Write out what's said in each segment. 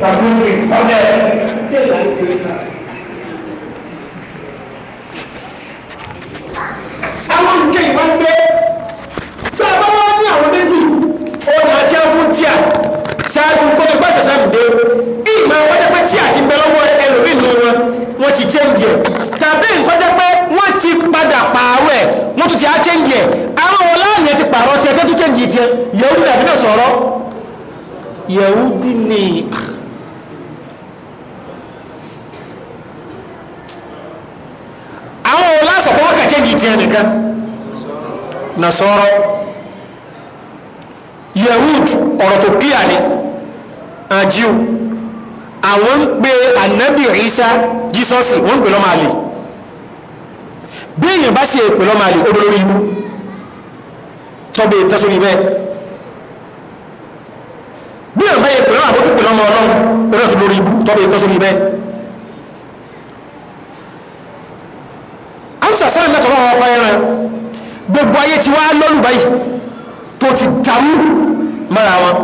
tàbí ọ̀dẹ̀ ṣé ìlànà ṣe é náà. àwọn nǹkan ìwà ń gbé tó a bá wá ní àwọn méjì òun àti afún ah, tíà ṣáájú kó tó gbàṣẹ sáàmùdé ìmọ̀ wọ́n jẹ́ pé tíà ti bẹ lọ́wọ́ ẹlòmíì nù wọn wọ́n ti chẹ́ǹdì ẹ̀ tàbí nǹkan jẹ́ pé wọ́n ti padà pààrọ̀ ẹ̀ wọ́n tún ti á chẹ́ǹdì ẹ̀ àwọn wọn láàyè ti pààrọ̀ tiẹ̀ tẹ́tù chẹ́ǹdì tiẹ̀ yẹ̀wù dàbí náà sọ̀rọ̀ yẹ̀wù dì ní. àwọn wo lásọ̀ pé wọ́n kà chẹ́ǹjì tiẹ̀ nìkan nasọ́rọ́ yahud ọ̀rọ̀ tó kíyà ni àjíù àwọn ń pe anabi isa jesus wọ́n ń pè lọ́mọ àlè bí èèyàn bá sì be lọ́mọ àlè ó lórí ibú tọ́bẹ̀ tẹ́sọ́rí bẹ́ẹ̀ bí èèyàn bá yẹ pè lọ́mọ àbótú pè lọ́mọ ọlọ́run ó lọ́tún lórí ibú tọ́bẹ̀ tẹ́sọ́rí bẹ́ẹ̀. fẹ́ràn gbogbo ayé ti wá lọ́lù báyìí tó ti dàrú mọ́ra wọn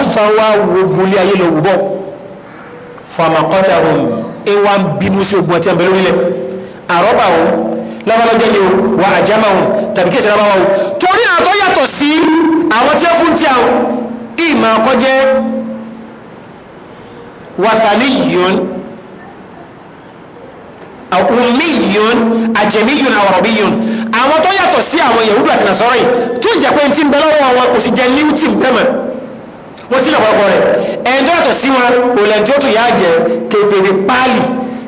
afa wa wo gbolé ayé lọ wò bọ́ famakọ́ta hàn ẹ wá ń bínú sí ogun ọtí àbẹ̀lẹ́ orílẹ̀ àrọ́bà wọn lọ́wọ́lọ́jẹ́ ni o wà àjámà wọn tàbí kí ìṣẹ̀lẹ̀ wọn torí àtọ́ yàtọ̀ sí àwọn tí ó fún tí àwọn ìmọ̀ àkọ́jẹ́ wàtàlí yìí ọ̀hún yun àjẹmí yun àwọ̀rọ̀bí yun àwọn tó yàtọ̀ sí àwọn yahudu àti nasọ́rọ̀ yìí tó jẹ́ pé tí ń bẹ lọ́wọ́ wọn kò sì jẹ́ new team tẹ́mọ̀ wọ́n sílẹ̀ pọ̀pọ̀ rẹ̀ ẹni tó yàtọ̀ sí wọn kò lẹ́ni tí ó tún yà jẹ́ kẹfẹ́rẹ́ páálí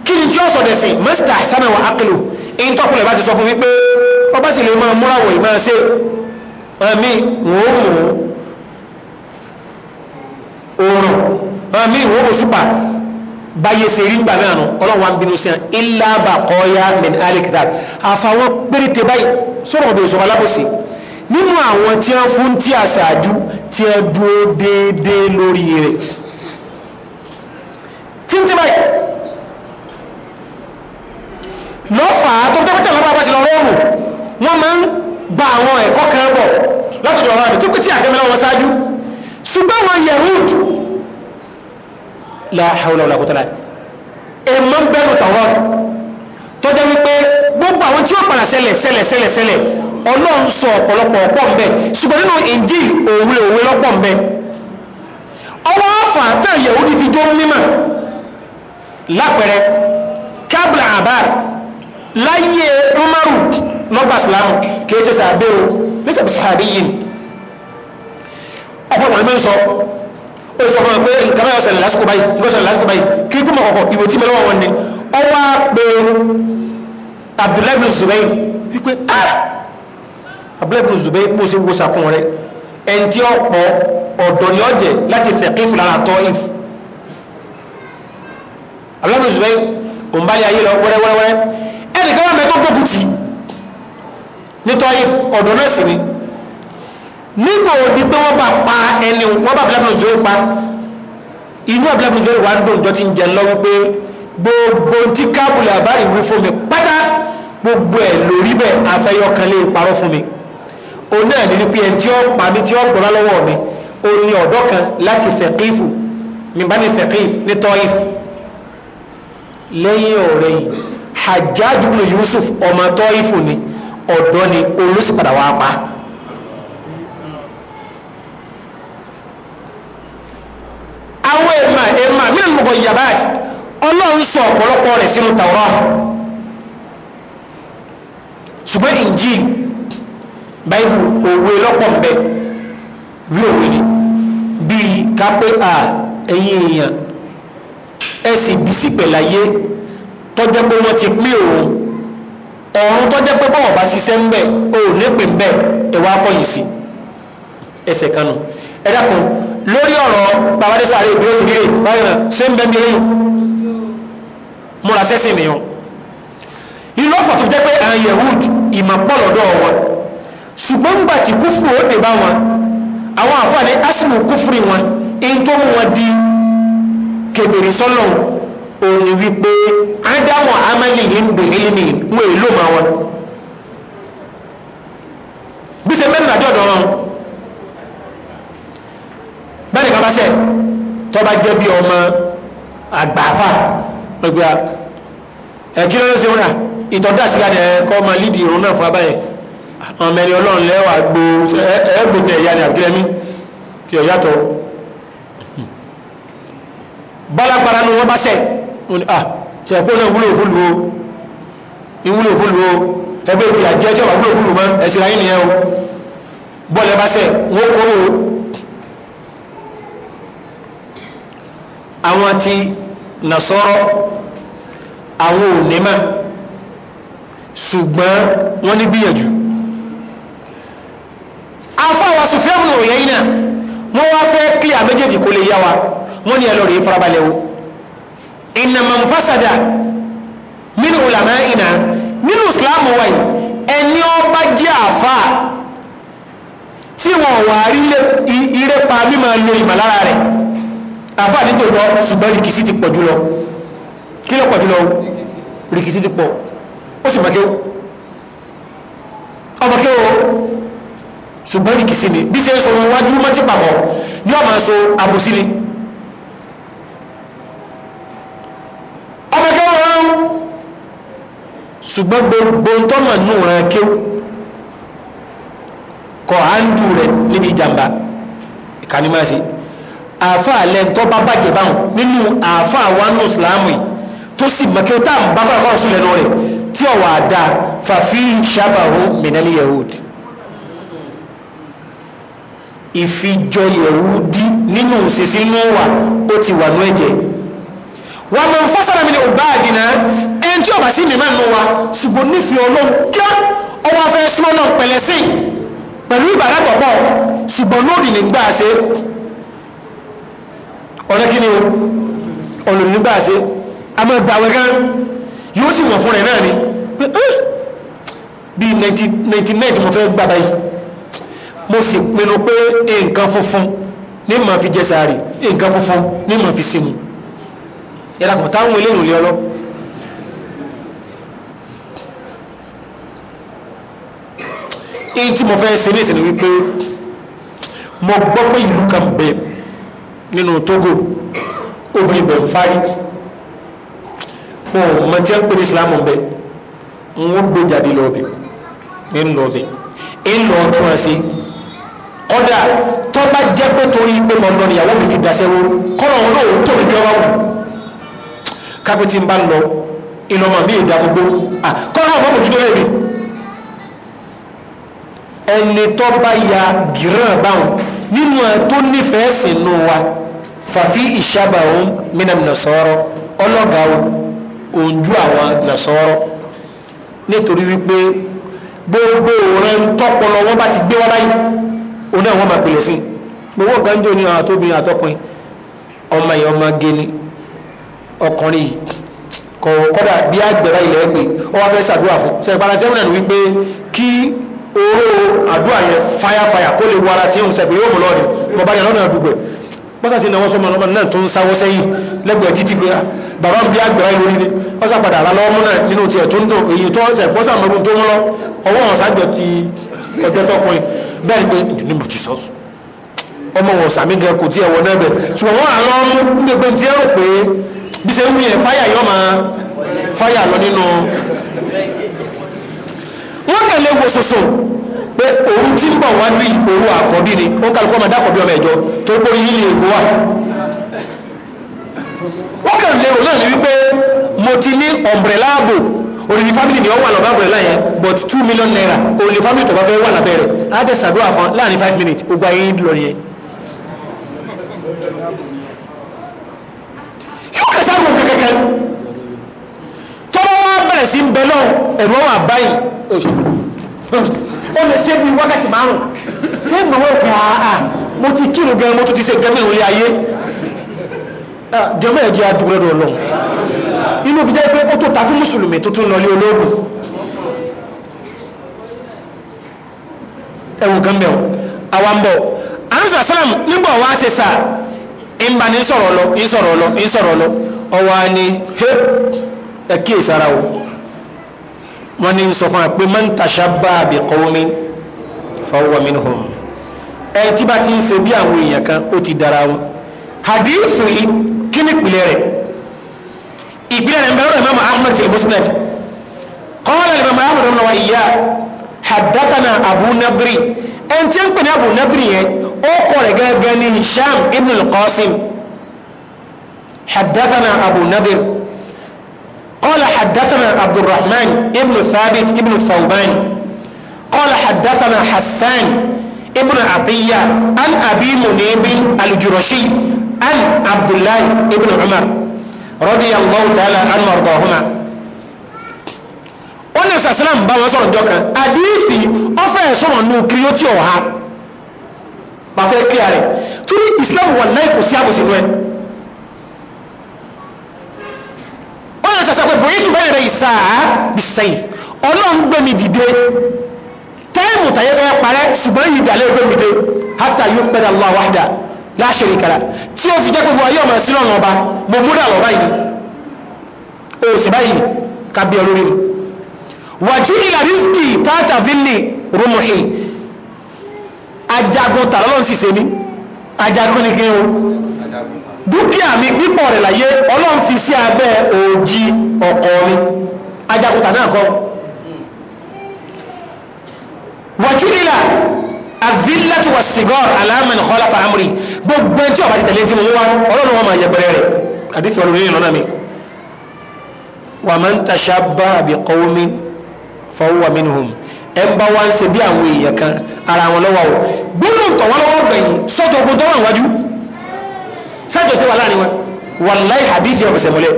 kí ni tí ó sọ̀dẹ̀ sí mr hassan wa akilu in tọ́pù rẹ̀ bá ti sọ fún wípé ọba sì lè máa múra wọ̀ ìmáa ṣe àmì wọ́n mú oòrùn àmì wọ́n mú súpà báyé ṣe rí gbà náà nù ọlọ́run wa ń bínú sí ẹ ilá bá kọ́ọ́yá min alikitab àfàwọn péréte báyìí sọ̀rọ̀ ọ̀bẹ ìṣọ̀rọ̀ alábòsí nínú àwọn tí wọ́n fún tí àṣàájú tí ẹ dúró déédéé lórí rẹ̀ títí báyìí lọ́fà tó dẹ́pẹ́tà lọ́wọ́ bá ti lọ rọ́ọ̀mù máa ń gba àwọn ẹ̀kọ́ kan bọ̀ látọ̀dọ̀ ọ̀rọ̀ àmì tó pé wọn ṣáájú ṣùgbọ́n wọn yẹ̀rúùdù la hawla wala quwwata èèmọ̀ ń bẹ́nu tawrat tọ́jà wípé gbogbo àwọn tí ó padà ṣẹlẹ̀ ṣẹlẹ̀ ṣẹlẹ̀ ṣẹlẹ̀ ọlọ́run sọ ọ̀pọ̀lọpọ̀ ọ̀pọ̀ ń bẹ ṣùgbọ́n nínú Injil òwe òwe lọ́pọ̀ ń bẹ ọwọ́ àfà tẹ̀ Yahudi fi jó mímọ̀ lápẹẹrẹ kábla àbár láyé Umaru lọ́gbà sílámù kìí ṣe sàbẹ́ o ní sàbẹ́ sàbẹ́ yìí ọ̀pọ̀ ó sọ fún mi pé nǹkan báyọ̀ ṣẹlẹ̀ lásìkò báyìí nǹkan ṣẹlẹ̀ lásìkò báyìí kí kú mọ̀ kọ̀kọ̀ ìwé tí mi lọ́wọ́ wọn ni ó wá pé Abdullahi bin Zubair wípé ah Abdullahi bin Zubair bó ṣe wo sàkún rẹ ẹni tí ó pọ̀ ọ̀dọ̀ ni ó jẹ láti fẹ̀kí fúlàrà tọ́ if Abdullahi bin Zubair òun bá lé ayé lọ wẹ́rẹ́wẹ́rẹ́ ẹnì kan wà mẹ́tọ́ gbógun tì ní if ọ̀dọ̀ náà sì ni nígbà òdi pé wọ́n bá pa ẹni wọ́n bá abúlábùn zoro pa inú abúlábùn zoro wà ń dùn jọ ti ń jẹ lọ wípé gbogbo tí káàbùlà bá ìwé fún mi pátá gbogbo ẹ̀ lórí bẹ́ẹ̀ afẹ́yọkan lè parọ́ fún mi òun náà ní wípé ẹni tí ó pa mi tí ó gbọ́ra lọ́wọ́ mi òun ni ọ̀dọ́ kan láti fẹ̀kífù mìbá ní fẹ̀kífù ní tọ́ìfù lẹ́yìn ọ̀rẹ́ yìí Hajjaj ibn Yusuf ọmọ tọ́ìfù ni ọ̀dọ́ ni olùsípadà wàá pa á. àwọn èèmà ema mílíọ̀nù mọ̀kọ̀ yabat ọlọ́run sọ ọ̀pọ̀lọpọ̀ rẹ̀ sínú tàwọ́rọ̀ ṣùgbọ́n Injil báyìí òwe lọ́pọ̀ ń bẹ wí òwe ni bíi kápẹ́ à ẹ̀yìn èèyàn ẹ sì bí sípẹ̀láyé tọ́jẹ́ pé wọ́n ti pín o ọ̀run tọ́jẹ́ pé bọ́wọ̀ bá ṣiṣẹ́ o bẹ̀ ò ní pè ń bẹ̀ ẹ̀ kanu. ẹ lori lórí ọ̀rọ̀ babadesa rẹ ìbílẹ̀ òsì rírè báyìí náà ṣé ń bẹ́ mi lẹ́yìn múra sẹ́sìn nìyẹn ìlú ọ̀fọ̀ tó jẹ́ pé àwọn yehud ìmọ̀ pọ̀lọ́dọ̀ wọn ṣùgbọ́n gbà tí kúfùrù ó dé bá wọn àwọn àfààní asìlù kúfùrù wọn èyí tó mú wọn di kèfèrí sọ́lọ̀ òní wípé ádámọ̀ amálì yìí ń wọn èlò máa wọn bí ṣe mẹ́rin wọn. bẹ́ẹ̀ni kaba sẹ tọba jẹ bi ọmọ agbafa gbẹgbẹ ẹ kí ló ń sèwọn náà ìtọ́jú àsìkò àti ẹ̀kọ́ ọmọ lídìí irun náà fún abáyẹ ọmọ ẹni ọlọ́run lẹ́wà gbo ẹgbẹ̀tẹ̀ ìyá ni àbújá mi tí ọ yàtọ̀ bọ́lá para nu wọn bá sẹ̀ ah ṣe ẹ̀kọ́ náà wúlò fún lu o ìwúlò fún lu o ẹgbẹ́ ìfìyà jẹ́ tí ọba wúlò fún lu mọ́ ẹ̀sìn àwọn ti nàsọ́rọ́ àwọn ò ní mọ̀ ṣùgbọ́n wọ́n ní gbìyànjú afáwa Sufyan ibn Uyayna wọ́n wá fẹ́ kílẹ̀ àméjèèjì kó lè yá wa wọ́n ní ẹlọ́rẹ̀ farabalẹ̀ o innama fasada min ulama'ina nínú Islam wáyé ẹni ọba jẹ́ àfáà tí wọ́n wà rí ire mímọ̀ lo ìmọ̀lára rẹ̀ àfáà ní tòótọ́ ṣùgbọ́n rìkìsí ti pọ̀ jùlọ kí ló pọ̀ jùlọ rìkìsí ti pọ̀ ó sì mọ̀kẹ́ ọmọkẹ́ o ṣùgbọ́n rìkìsí ni bí ṣe ń sọ wájú mọ́tì pàpọ̀ ni ọmọ sọ àbòsí ni ọmọkẹ́ wọn ṣùgbọ́n gbogbo tọ́mọ̀ nù rẹ̀ kéw kọ̀ á ń dù rẹ̀ níbi ìjàmbá ìkànnì máa ṣe àáfà alẹ́ tó bá bàjẹ́ báwọn nínú àáfà wánú ìsìláàmù yìí tó sì mọ̀kẹ́ tá à ń bá fàáfà ọ̀sùn lẹ́nu rẹ̀ tí ọ̀wà àdá fàfi ṣàbàwò mìnálì yahudi ìfijọ yahudi nínú òṣèṣì inú wa ó ti wà ní ẹ̀jẹ̀ wà mọ̀ fọ́sára mi ni ọba àdìnà ẹni tí ọba sí mi máa nù wa ṣùgbọ́n nífẹ̀ẹ́ ọlọ́run kí ọwọ́ fẹ́ súnmọ́ náà pẹ̀lẹ́ sí pẹ̀lú ìbàdàtọ̀ pọ̀ ṣùgbọ́n lóòrì nígbà ṣe ọ̀rẹ́ kí ni o olùdígbà ṣe a máa gbà wẹ́gán yóò sì wọ̀n fún rẹ̀ náà ni pé bí 99 mo fẹ́ gbà báyìí mo sì pinnu pé nǹkan funfun ní màá fi jẹ sàárì nǹkan funfun ní màá fi simu yàrá kò táwọn eléyìí ò lé ọlọ́ tí mo fẹ́ ṣe ní ìsìn wípé mo gbọ́ pé ìlú kan bẹ́ẹ̀ nínú Togo obìnrin bẹ̀rù fárí wọn ò mọ tí wọn pè ní Islam bẹ wọn gbé jáde lọbẹ ní lọbẹ ń lọ tún wọn sí kódà tó bá jẹ́ pé torí pé mo lọ níyàwó mi fi dasẹ́ wo kọ́nà òun náà tó mi bí ọba wù kápẹ́ bá lọ ìlọmọ mi ìdá gbogbo kọ́nà òun náà mo dúró lórí ẹni tó ya gíràn báwọn nínú ẹ tó nífẹ̀ẹ́ sínú wa fàfi ìṣàbàwọn mìíràn nàṣọrọ ọlọgà òǹjú àwọn nàṣọrọ nítorí wípé gbogbo rẹ ń tọpọlọ wọn bá ti gbé wá báyìí òun náà wọn máa pèlè sí gbogbo gánjọ ni àwọn àtòbìnrin àtọkùnrin ọmọ yìí ọmọ gẹni ọkùnrin yìí kọ kọdà bí àgbẹ̀rẹ̀ ilẹ̀ ẹgbẹ̀ ọ wá fẹ́ sàdúrà fún ṣe ìpara tẹ́wọ̀n náà wípé kí oró àdúrà yẹn fáyàfáyà kó lè wọ ara tí òun sẹ̀gbẹ̀ yóò mọ̀ lọ́ọ̀dì bọ́bá yẹn lọ́nà àdúgbò pọ́sàsì si na sọ mọ̀nà náà tó ń sáwọ́ sẹ́yìn lẹ́gbẹ̀ẹ́ títí pé bàbá ń bí àgbẹ̀rẹ́ lórí ni wọ́n sà padà náà nínú tiẹ̀ tó ń dùn èyí tó ń tẹ̀ pọ́sà mọ́bù tó ń lọ ọwọ́ wọn sájọ ti ẹgbẹ́ tọkùnrin bẹ́ẹ̀ ni pé ní mo Jesus ọmọ wọn sàmì kò náà bẹ̀ ṣùgbọ́n pé bí ṣe pé òru tí ń bọ̀ wájú òru àkọ́bí ni ó kálukọ́ máa dákọ̀bí ọmọ ẹ̀jọ tó gbórí yílé ègbó wà wọ́n kàn lérò náà ní wípé mo ti ní ọ̀mbrẹ̀lá ààbò òrìlì fámìlì ni ó wà lọ́bàá ọ̀mbrẹ̀lá yẹn but two million naira òrìlì fámìlì tó bá fẹ́ wà lábẹ́ rẹ̀ á tẹ̀ sàdúrà fún láàrin five minutes ó gba yín lọ yẹn. yóò kẹsàn án kò kẹkẹkẹ tọ́lá wa bẹ̀rẹ̀ sí ń bẹ ó lè ṣe bíi wákàtí márùn tí ẹ mọ̀ pé àà mo ti kírun gan mo tún ti ṣe gan mi ìròlé ayé jọmọ ẹ̀jẹ̀ adúgbò lọ́dọ̀ ọlọ́run inú fi jẹ́ pé ó tó ta fún mùsùlùmí tuntun lọ lé olóògùn ẹ̀wọ̀n kan bẹ̀ ọ́ bọ̀ ansa salam nígbà wàá ṣe sá ìmbà ní sọ̀rọ̀ lọ ní sọ̀rọ̀ lọ ní sọ̀rọ̀ lọ ọwọ́ á ní ẹ kíyèsára o wọ́n ní sọ fún wa pé man tashabbaha bi qawmin fahuwa minhum ẹ tí bá ti ń ṣe bí àwọn èèyàn kan ó ti dára wọn hadithu yìí kí ni ìpìlẹ̀ rẹ̀ ìpìlẹ̀ rẹ̀ ń bẹ lọ́rọ̀ imaamu ahmed fi musnad qala imaamu ahmed ọmọ wa ìyá haddathana abu nadri ẹ tí ń pè ní abu nadri yẹn ó kọ rẹ̀ gẹ́gẹ́ ní hisham ibn qasim haddathana abu nadri. قال حدثنا عبد الرحمن ابن ثابت ابن ثوبان قال حدثنا حسان ابن عطية عن أبي منيب الجرشي عن عبد الله ابن عمر رضي الله تعالى عن مرضاهما ó ní ìsàsílám bá wọn sọ̀rọ̀ jọ kan àdífì ọfẹ́ sọ̀rọ̀ nù kiri ó tí ọ̀ ha pàfẹ́ kíá rẹ̀ torí Islam náà sọ̀sọ̀ pé bòyí tù bẹ́ẹ̀ rẹ̀ ìsà bisayf ọlọ́run gbẹ̀mí dìde táìmù tàyẹ́ fẹ́ parẹ́ ṣùgbọ́n yìí dàlẹ́ gbẹ̀mí dé hatta yuqbada Allah wahda la sharika lah tí ó fi jẹ́ gbogbo ayé ọmọ sílọ̀ ọba mo múra lọ báyìí o sì báyìí kábí ọlórí ni wàjú ìlà rísíkì tààtà fílì rúmùhì ajagun tàlọ́lọ́sì sẹ́ni ajagun ni kí n o dúkìá mi pípọ̀ rẹ̀ láyé ọlọ́run fi sí abẹ́ òòjì ọkọ mi ajakuta náà kọ́ wàjúlílà àvílàtí wà sìgọ́r aláàmìn kọ́láfà amúrí gbogbo ẹni tí ọba ti tẹ̀lé tí mo wá ọlọ́run wọn máa yẹ bẹ̀rẹ̀ rẹ̀ àdìsí ọlọ́run yìí lọ́nà mi wà máa ń taṣà bá àbí qawmi fahuwa minhum ẹ ń bá wá ń ṣe bí àwọn èèyàn kan ara wọn lọ́wọ́ o gbólóǹtọ̀ wọn gbẹ̀yìn sọ́tọ̀ ogun tó wà sẹ́jọ́ sí wà láàrin wọn wàláì hadith yẹn fẹsẹ̀ múlẹ̀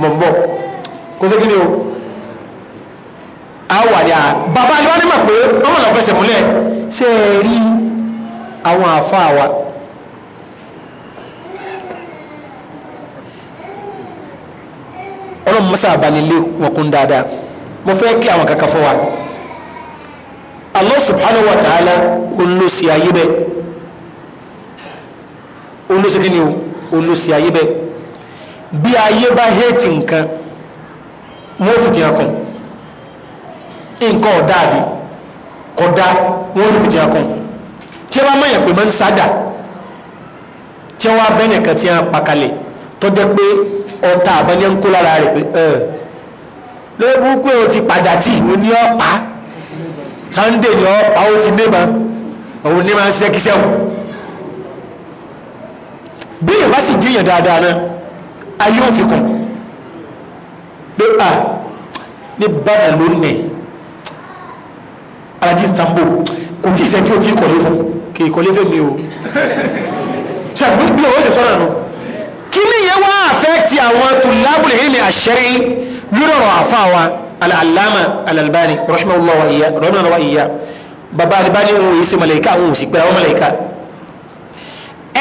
mọ̀ bọ̀ kó sẹ́kí ni o a wà ní a bàbá alẹ́ wọn mọ̀ pé wọ́n mọ̀ lọ ṣe rí àwọn àfa wa. ọlọ́run mọ́sá àbánilé wọn kún dáadáa mo fẹ́ kí àwọn kankan fún wa Allah subhanahu wa ta'ala olùsí ayé bẹ́ẹ̀ olóṣèké ni o olóṣè ayé bẹ́ẹ̀ bí ayé bá hétì nǹkan wọ́n fìdí akàn nǹkan ọ̀dá àdé kọ̀dá wọ́n fìdí akàn tí a bá mọ̀yàn pé máa ń sádà tí wọ́n abẹ́ nìkan tí wọ́n pakalẹ̀ tọ́jọ́ pé ọta àbáyẹ́ ń kó lára rẹ̀ pé ẹ̀ lóòbù pé o ti padà tì ó ní ọ̀pá Sunday ní ọ̀pá ó ti níbọn òun ní máa ń ṣiṣẹ́ kíṣẹ́ wọn bí ìbá sì jíyàn dáadáa náà ayé ò fi kún pé à ní bàdà lónìí alájí sambo kò tí ìṣẹ́ tí ó ti kọ̀lé fún kì í kọ̀lé fẹ́mi o ṣàgbé bí owó ṣe sọ́nà nù kí ni ìyẹn wá àfẹ́ ti àwọn tùlábùlì ilmi àṣẹrí lórí ọ̀rọ̀ àfa wa alàlámà alàlbáni rahimahullah wa iya rahimahullah iya baba alibani yìí sí màláìka òun sì pẹ́ra wọn màláìka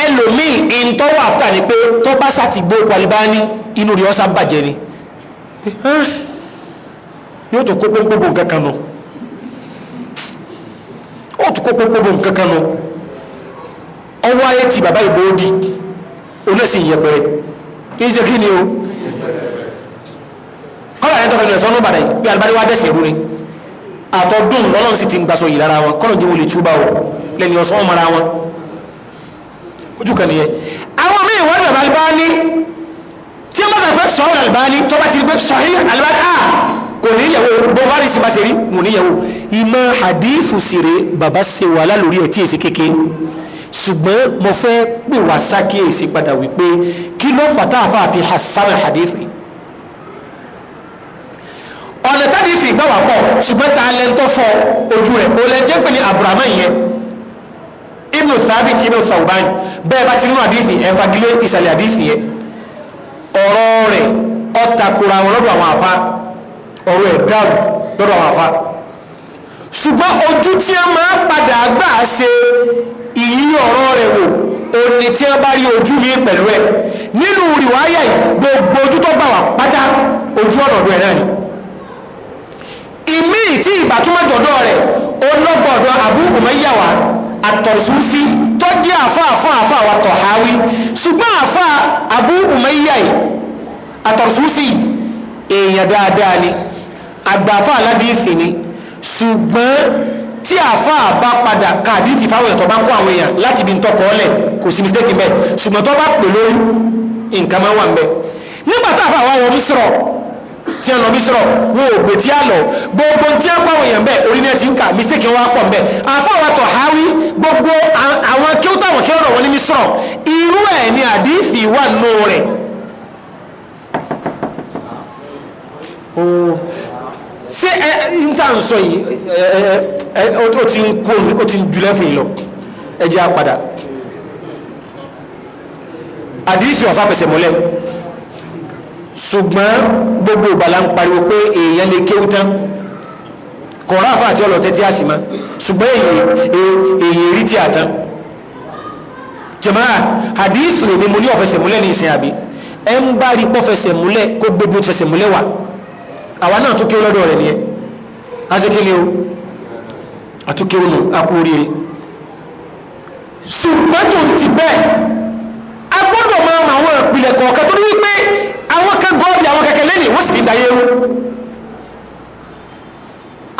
ẹlòmíì ìntọ́wọ́ àfúta ni pé tó bá sàti gbó kwalibá ní inú rí ọ́sá bàjẹ́ ni eh, yóò tó kó pẹ́ńpẹ́bò nǹkan kan nù ó tó kó pẹ́ńpẹ́bò nǹkan kan nù ọwọ́ ayé ti bàbá Ìgbòho di onẹ́sìn yẹpẹrẹ kí n ṣe kí ni o kọ́lá yẹn tó fẹ́ lọ sọ́nù bàdà yìí bí alibari dẹ́sẹ̀ rú ni àtọ́dún lọ́lọ́run sì ti ń gbàsọ yìí lára wọn kọ́lọ̀ jẹ́ wọlé túbà o lẹ́ni ọ̀sán ọmọ ara wọn ojú kan nìyẹn àwọn míì wọ́n rẹ̀ Albani tí wọ́n sọ pé sọ̀rọ̀ Albani tó bá ti gbé sọ̀rí Albani a ah, kò ní yẹ̀wò bó bá rí sinba sẹ́rí mò ní yẹ̀wò ìmọ̀ hadithu sèré baba ṣe wàhálà lórí ẹ̀ tí èsì kéke ṣùgbọ́n mo fẹ́ pè wá sákèésí padà wípé kí ló fàtà àfààfin hasan hadithu ọ̀nà tàbí fi ìgbà wà pọ̀ ṣùgbọ́n ta lẹ́ńtọ́ fọ ojú rẹ̀ ó lẹ́ńtẹ́ pè ní Abrahamu yẹn ibnu sabit ibnu sauban bẹ́ẹ̀ bá ti nínú àdífì ẹ̀fagilé ìsàlẹ̀ àdífì yẹ ọ̀rọ̀ rẹ̀ ọ̀takùrà wọn lọ́dọ̀ àwọn àfa ọ̀rọ̀ ẹ̀ dàrú lọ́dọ̀ àwọn àfa ṣùgbọ́n ojú tí a máa padà gbà ṣe ìyí ọ̀rọ̀ rẹ̀ wò òní tí a bá rí ojú mi pẹ̀lú ẹ̀ nínú rìwáyà yìí gbogbo ojú tó gbà wà pátá ojú ọ̀nà ọ̀dọ̀ ẹ̀ náà ni ìmí tí ìbàtúmọ̀jọ̀dọ̀ rẹ̀ olóògbọ̀dọ̀ Abu Umayya àtọ̀súfí tó jẹ́ àfá àfá àfá àwà tọ̀háwí ṣùgbọ́n àfá Abu Umayya àtọ̀súfí èèyàn dáadáa ni àgbà àfá aládìífì ni ṣùgbọ́n tí àfá bá padà ka àdìífì fáwọn èèyàn tó bá kó àwọn èèyàn láti ibi tọkọ ọlẹ̀ kò sí mistake bẹ́ẹ̀ ṣùgbọ́n tó bá pè lórí nǹkan máa wà ń bẹ́ẹ̀ nígbà tá àfá àwa wọ tí a lọ bí sọ̀rọ̀ wọn ò gbé tí a lọ gbogbo tí a kọ́ àwọn èèyàn bẹ́ẹ̀ orí náà ti ń kà mistake wọn á pọ̀ mbẹ́ àfáwọn tọ̀ háwí gbogbo àwọn kí ó táwọn kí ó rọ̀ wọn ní sọ̀rọ̀ irú ẹ̀ ni àdífì wà nù rẹ̀. ṣé ẹ n tà ń sọ yìí ẹ ẹ ó ti ń kú ó ti ń julẹ̀ fún yìí lọ ẹ jẹ́ àpadà àdífì ọ̀sán fẹsẹ̀ mọ́lẹ́ ṣùgbọ́n gbogbo ìgbàlá ń pariwo pé èèyàn lè kéwú tán kọ̀ọ̀rọ̀ àti ọlọ́tẹ́ tí a sì mọ́ ṣùgbọ́n èèyàn rí tí a tán jàmáà hadith rẹ̀ ni mo ní ọ̀fẹsẹ̀ ní ìsìn àbí ẹ ń bá rí pọ́ gbogbo wà àwa náà o àtúkéwú nù oríire ṣùgbọ́n tó ti a máa kẹ́ gọ́ọ̀dì àwọn kẹ̀kẹ́ lẹ́nìí wọ́n sì fi dayé wú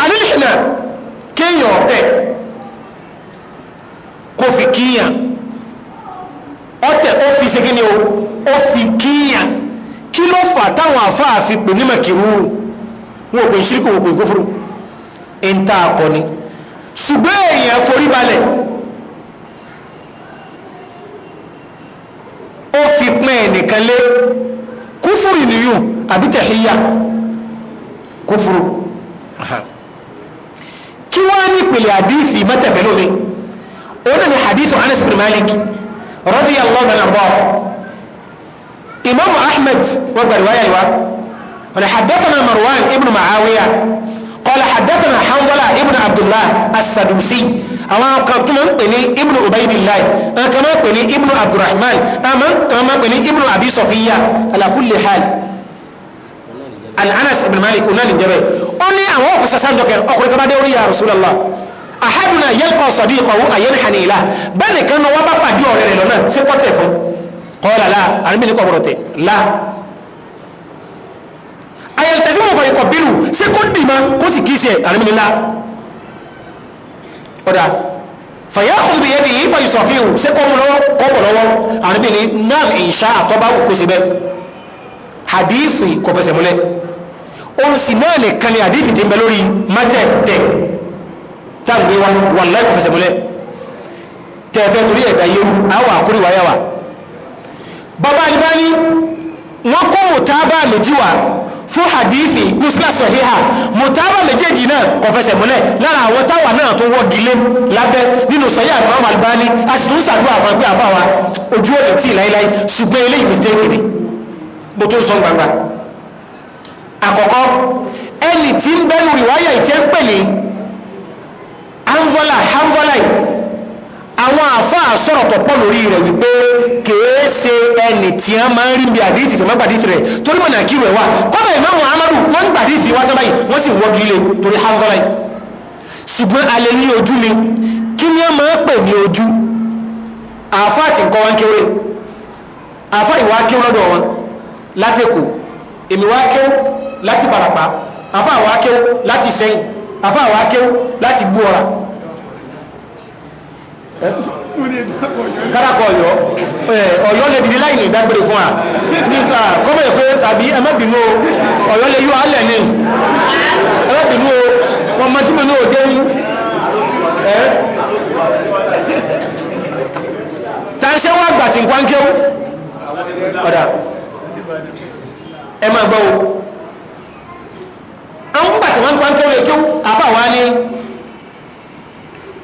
àlìlìṣìnà kéèyàn ọ̀tẹ̀ kò fi kíyàn ọ̀tẹ̀ ó fi ṣe kíni o ó fi kíyàn kí táwọn àfáàfi pè ní màkìrúurú wọn ò pè ṣíríkù wọn ò pè kófúrú ń tá a kọ ni ṣùgbọ́n èèyàn forí balẹ̀ ó lé kúfùrù nìyó àbí tẹ̀híyà kúfùrù kí wọ́n á ní ìpìlẹ̀ àdìsí mẹ́tẹ̀fẹ́ lómi òun náà ni hadith Anas bin Malik radiyallahu anhu imam Ahmad wọ́n gbàdúrà yàrá wọn ni haddathana Marwan ibn Muawiya. قال حدثنا حنظلة ابن عبد الله السدوسي أما كمان بني ابن عبيد الله أما كمان بني ابن عبد الرحمن أما كمان بني ابن أبي صفية على كل حال عن أنس بن مالك ونال الجبل أني أهوك سسندك أخرج بعد يا رسول الله أحدنا يلقى صديقه أينحني له بني كان وبابا ديور لنا سيكوتي قال لا أنا بني كبرتي لا ayẹ̀tẹ̀sí mọ̀ fàyẹ̀kọ̀ bínú sí kó dì ma kó sì kìí ṣe àrẹ́mìnilá ọ̀dà fàyẹ̀kùn bí ẹbí yìí fàyẹ̀ sọ̀fíhù sí kó mú lọ́wọ́ kó bọ̀ lọ́wọ́ náà ìṣá àtọ́bá kò sí bẹ́ hadithi kò fẹsẹ̀ múlẹ̀ òun sì náà lè kalẹ̀ hadithi ti ń bẹ lórí mátẹ̀tẹ̀ táǹgbé wa wàlláhì kò fẹsẹ̀ múlẹ̀ tẹ̀fẹ́ torí ẹ̀dá yẹrù àwọn àkúrìwáyà wa bàbá Albani wọ́n kó mùtábà méjì wá fún hadithi muslim sahiha mùtábà méjèèjì náà kò fẹsẹ̀ múlẹ̀ lára àwọn táwa náà tó wọ́gi lé lábẹ́ nínú sọ́yà àmọ́ àlùbáni a sì tún sàdúrà fún ẹgbẹ́ àfa wa ojú ò lè tí ì láéláé ṣùgbọ́n eléyìí mistake ni mo tó sọ gbangba àkọ́kọ́ ẹni tí ń bẹ́nu ìwáyà ìtẹ́ ń pè ní anvola àfáà sọ̀rọ̀ tọ̀pọ̀ lórí rẹ̀ wípé kèé ṣe ẹnì tí a máa ń rí bí àdíìsì tí a máa gbàdíìsì rẹ̀ torí mọ̀nà kí rẹ̀ wà kọ́nà ìmáàmù amadu wọ́n ń gbàdíìsì wá tábàyì wọ́n sì wọ́gi ilé torí hanzọ́lá yìí ṣùgbọ́n alẹ́ ní ojú mi kí ni a máa pè ní ojú àfáà tí nǹkan wọn kéré àfáà ìwà kí lọ́dọ̀ wọn látẹ̀kù èmi wá kéw láti Ìbàràpá àfáà wá kéw láti Ìsẹ́yìn àfáà wá kéw láti Gbóọ̀rà kárakọ ọ̀yọ́ eh, ọ̀yọ́ lè dìde láì ní ìdágbére fún wa nípa kọ́bẹ̀ pé tàbí ẹ má bínú o ọ̀yọ́ lè yọ alẹ̀ ni ẹ má bínú o wọn mọ tí mo ní òde ń ẹ. tàṣẹ wọn àgbà tí nǹkan kéwù o àwọn gbàtí wọn nǹkan kéwù lè kéwù àfàwọn á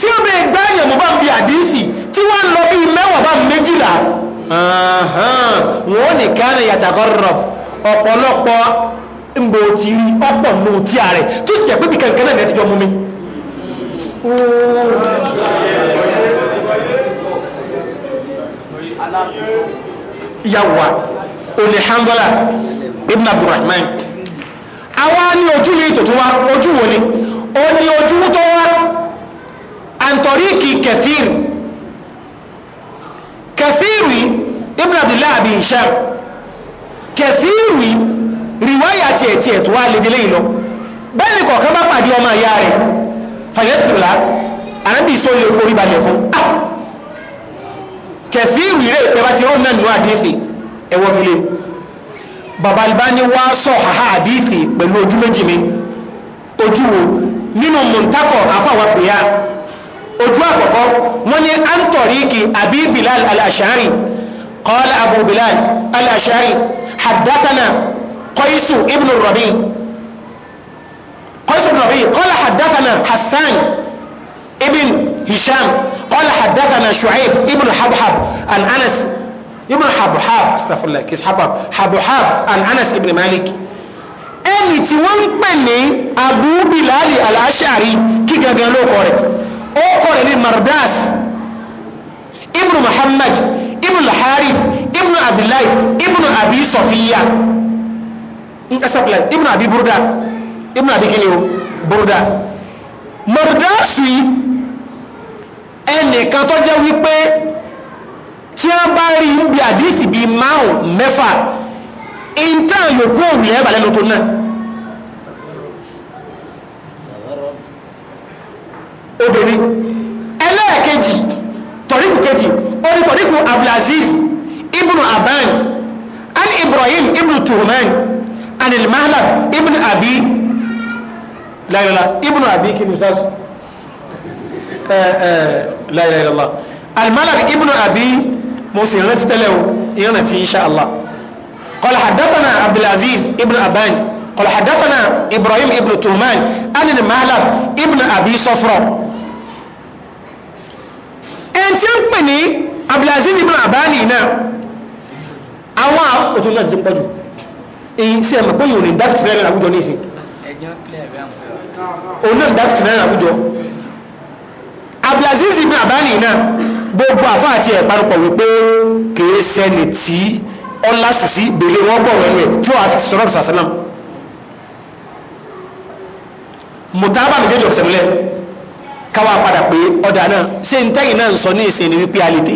tí ó bẹ̀rẹ̀ gbá èèyàn mú bá ń bi àdíìsì tí wọ́n ń lọ bí mẹ́wàá bá ń méjìlá wọn ò ní kánà yàtàkọ́rọ̀ ọ̀pọ̀lọpọ̀ mbò tí rí ọ̀pọ̀ nù tí a rẹ̀ tó sì jẹ́ pé bí kankan náà nẹ́fíjọ́ mú mi. yàwá olè ibn abdulrahman àwa ni ojú mi tuntun wa ojú wo ni o ni ojú tó wá àǹtọ̀ríkì kẹfìrì kẹfìrì ibn abdullahi abi hisham kẹfìrì rìwáyà tiẹ̀ tiẹ̀ tó wá lédelé yìí lọ bẹ́ẹ̀ ni kọ̀ọ̀kan bá pàdé ọmọ ìyá rẹ̀ fàyẹ́sìtìlá àrẹ́bí ìṣó lè forí balẹ̀ fún kẹfìrì rẹ̀ ìpẹ́bá ti rún náà nínú àdéfì ẹ̀wọ́ mi lé bàbá Albani wá sọ àhá àdéfì pẹ̀lú ojú méjì mi ojú wo nínú mọ̀ntákọ̀ àfàwà pèyà ojú àkọ́kọ́ wọ́n ní antoriki abi bilal al-ashari qala abu bilal al-ashari haddatana qaisu ibn rabi qaisu ibn rabi qala haddatana hassan ibn hisham qala haddatana shu'aib ibn habhab an anas ibn habhab astaghfirullah kis habhab habhab an anas ibn malik ẹni tí wọ́n ń pè ní abu bilal al-ashari kí gangan ló kọ rẹ̀ ó kọ́ rẹ̀ ní mardas ibnu muhammad ibnu al-harith ibnu abdullahi ibnu abi sofiya ibnu abi burda ibnu abi kini o burda mardasu yìí ẹnìkan tó jẹ́ wípé tí a bá rí ń bí àdífì bíi márùn mẹ́fà ìntàn yòókù òwúlẹ̀ balẹ̀ lótó náà obìnrin ẹlẹ́ẹ̀kejì tọ̀ríkù kejì orí tọ̀ríkù abdulaziz ibn aban an ibrahim ibn tuhman an ilmahlab ibn abi láìláìlá ibn abi kí ni sáàsù láìláìlá almahlab ibn abi mo sì rántí tẹ́lẹ̀ o ìrántí insha allah قال حدثنا عبد العزيز ابن أبان قال حدثنا إبراهيم ابن تومان عن المهلب ابن أبي صفرة ẹn tí ń pè ní Abdulaziz ibn abali náà àwọn òtún náà ti pọ̀jù èyí sí ẹ̀mọ̀ pé yóò ní dáfìtì náírà àwùjọ ní ìsìn òun náà dáfìtì náírà àwùjọ Abdulaziz ibn abali náà gbogbo àfa àti ẹ̀ parupọ̀ wípé kìí sẹ́ni tí ọlá sùsí bèrè wọn bọ̀ wẹ̀lú ẹ̀ tí ó àfi sọ̀rọ̀ sàṣẹ́nà mùtábà méjèèjì ọ̀sẹ̀ mílẹ̀ káwá padà pé ọ̀dà náà ṣé n tẹ́yìn náà ń sọ ní ìsìn ni wípé alẹ́ tè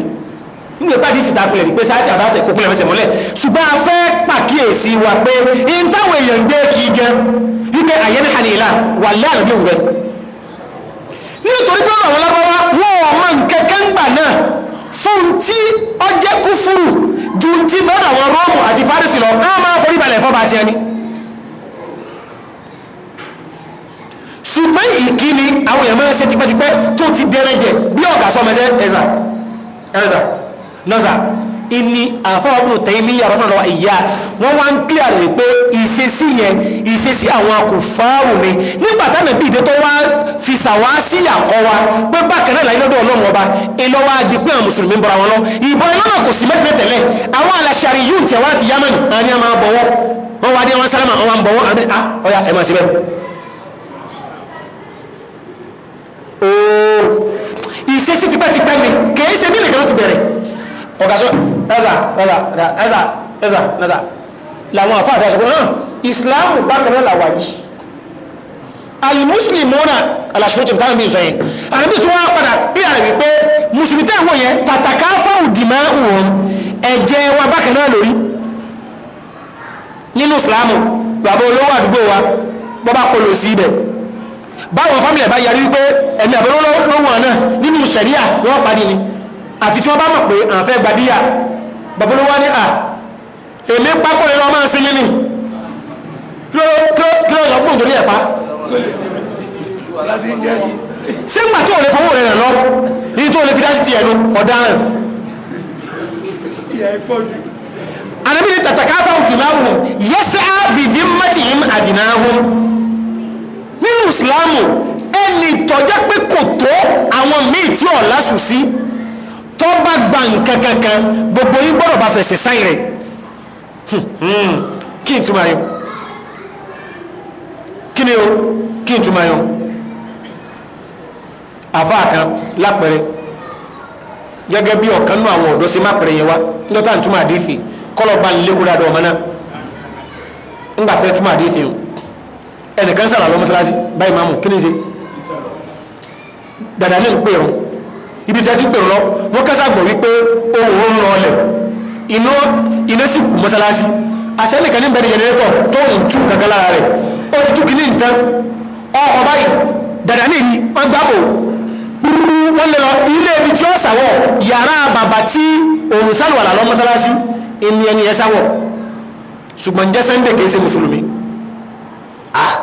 nígbà pàdé ìsìta kulẹ̀ ní pé sáyẹ́tì àbátẹ̀ kò kulẹ̀ fẹsẹ̀ mọ́lẹ̀ ṣùgbọ́n a fẹ́ pàkíyèsí wa pé n táwọn èèyàn ń gbé kí gan wípé àyẹ́nì hànìlá wà láàrín bí òun rẹ̀ nítorí pé àwọn lábọ́wá wọn ò mọ nkẹ́kẹ́ ń gbà náà ṣùgbọ́n ìkíni àwọn èèyàn mẹ́rin ṣe tipẹ́tipẹ́ tó ti dẹrẹ jẹ bí ọ̀gá sọmọṣẹ́ ẹ̀zà ẹ̀zà nọ́sà ìní àfọwọ́bùnú tẹ̀yìmí yàrá náà lọ́wọ́ ìyá wọ́n wá ń kílẹ̀ rẹ̀ pé ìṣesí yẹn ìṣesí àwọn akùfáàrù mi nígbà táwọn ẹbí ìdẹ́tọ́ wá fi sàwá sí àkọ́ wa pé bákan náà láyé lọ́dọ̀ ọlọ́run ọba ìlọ́wọ́ adi pé àwọn mùsùlùmí ń bọ̀ra wọn lọ ìbọn iná náà kò sí mẹ́tẹ̀ẹ́ tẹ̀lẹ́ àwọn aláṣàrí yóò tẹ̀ wá ti yámẹ́nì àní àmà bọ̀wọ́ wọn wá dé wọn sálámà wọn bọ̀wọ́ àní à ah, ọ̀yà ẹ̀ máa ṣe bẹ́ẹ̀ ìṣesí tipẹ́tipẹ́ ni kìí ṣe nílẹ̀ kan ti bẹ̀rẹ̀ ọ̀gá sọ ẹ̀sà ẹ̀sà ẹ̀sà ẹ̀sà ẹ̀sà làwọn àfa àti àṣọkùn náà ìsìláàmù bákan náà làwà yìí alimusulimuna alasoro tó táwọn bí sọ yẹn àbí tó wá padà bí a rí pé mùsùlùmí tẹ̀ wọ̀ yẹn tàtàkà fáwọn dìmọ̀ òun ẹ̀jẹ̀ wa bákan náà lórí nínú ìsìláàmù bàbá olówó àdúgbò wa bọ́bá kọlọ̀ sí ibẹ̀ báwọn fámìlì bá yarí wípé ẹ̀mí àbúrò náà nínú sẹ̀ríà wọ́n parí ni àfi tí wọ́n bá mọ̀ pé gbadíyà ní à èmi ni máa ń sinmi ni kí ló yọ fún ìdórí ẹ̀ pa. ṣé o lè fọwọ́ rẹ̀ lọ ní tó o lè fi dá sí ti ẹnu ọ̀daràn. tàtàkà fáwọn kìláwù yẹsẹ̀ nínú ìsìláàmù ẹni tọ́já pé kò tó àwọn míì tí ọ̀ lásù sí tó bá gba nǹkan kankan gbogbo yín gbọ́dọ̀ bá fẹsẹ̀ sáyìn rẹ̀ hmm, hmm, kí n túmọ̀ yẹn kí ni o kí n túmọ̀ yẹn àfáà kan lápẹ̀rẹ̀ gẹ́gẹ́ bí ọ̀kan nú àwọn ọ̀dọ́ sí má pẹ̀rẹ̀ yẹn wá nígbà tá à ń túmọ̀ àdéhìí kọ́lọ̀ bá ń lékúrò àdó ọmọ náà ń gbà fẹ́ túmọ̀ àdéhìí o ẹnìkan sára lọ mọ́sálásí báyìí máa mú kí ni ṣe dàdà ní ìpè rún ibi tẹ́ ti pè rún lọ wọ́n kásá gbọ̀ wípé ohun ń lọ ọlẹ̀ iná iná sì kù mọ́sálásí àṣẹ́nìkan ní bẹ̀rẹ̀ jẹnẹrétọ̀ tó ń tú kankan lára rẹ̀ ó ti tú kìíní nǹkan ọkọ̀ báyìí dàdà ní ìní wọ́n gbàgbọ́ wọ́n lè lọ ilé ibi tí ó sàwọ̀ yàrá bàbà tí òun sálùwàlà lọ mọ́sálásí ìní ẹni ẹ ah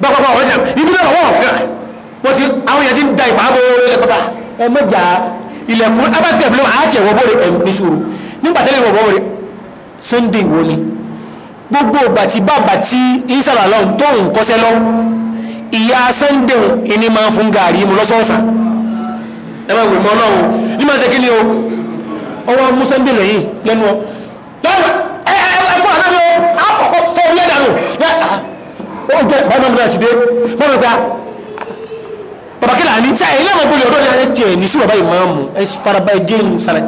bàbá ọ̀rọ̀ sẹ́m ibi náà wọ́n kàn wọ́n ti àwọn yẹn ti ń da ìpàgọ́ ilẹ̀ bàbá ẹ mẹ́jà ilẹ̀kùn abẹ́gbẹ̀ bí wọ́n á tiẹ̀ wọ́ bóore ẹ̀ ní sùúrù nígbà tẹ́lẹ̀ wọ́ bóore sunday wo ni gbogbo ìgbà tí bàbá tí ìsàlà lọ tó nkọ́sẹ́ lọ ìyá sunday ìní máa ń fún gàrí mu lọ́sọ̀ọ̀sán ẹ bá wè mọ́ náà o ní máa ń ṣe kí ni o ọwọ́ mú sunday lẹ́yìn lẹ́nu ọ lọ́wọ́ ẹ ẹ ẹ ó jẹ́ ìpamọ́ náà ti dé mọ́nà gba bàbá kí làní sẹ́ ilé ọmọ gbòòlì ọdún ẹ̀ tiẹ̀ ní sùúrù báyìí máa mú ẹ faraba ẹ jẹ́ ń sàlẹ̀